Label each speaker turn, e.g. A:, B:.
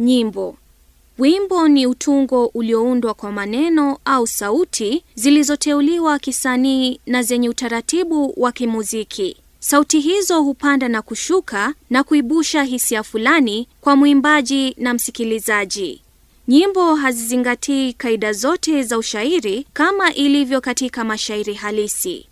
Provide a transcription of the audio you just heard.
A: Nyimbo. Wimbo ni utungo ulioundwa kwa maneno au sauti zilizoteuliwa kisanii na zenye utaratibu wa kimuziki. Sauti hizo hupanda na kushuka na kuibusha hisia fulani kwa mwimbaji na msikilizaji. Nyimbo hazizingatii kaida zote za ushairi kama ilivyo katika mashairi halisi.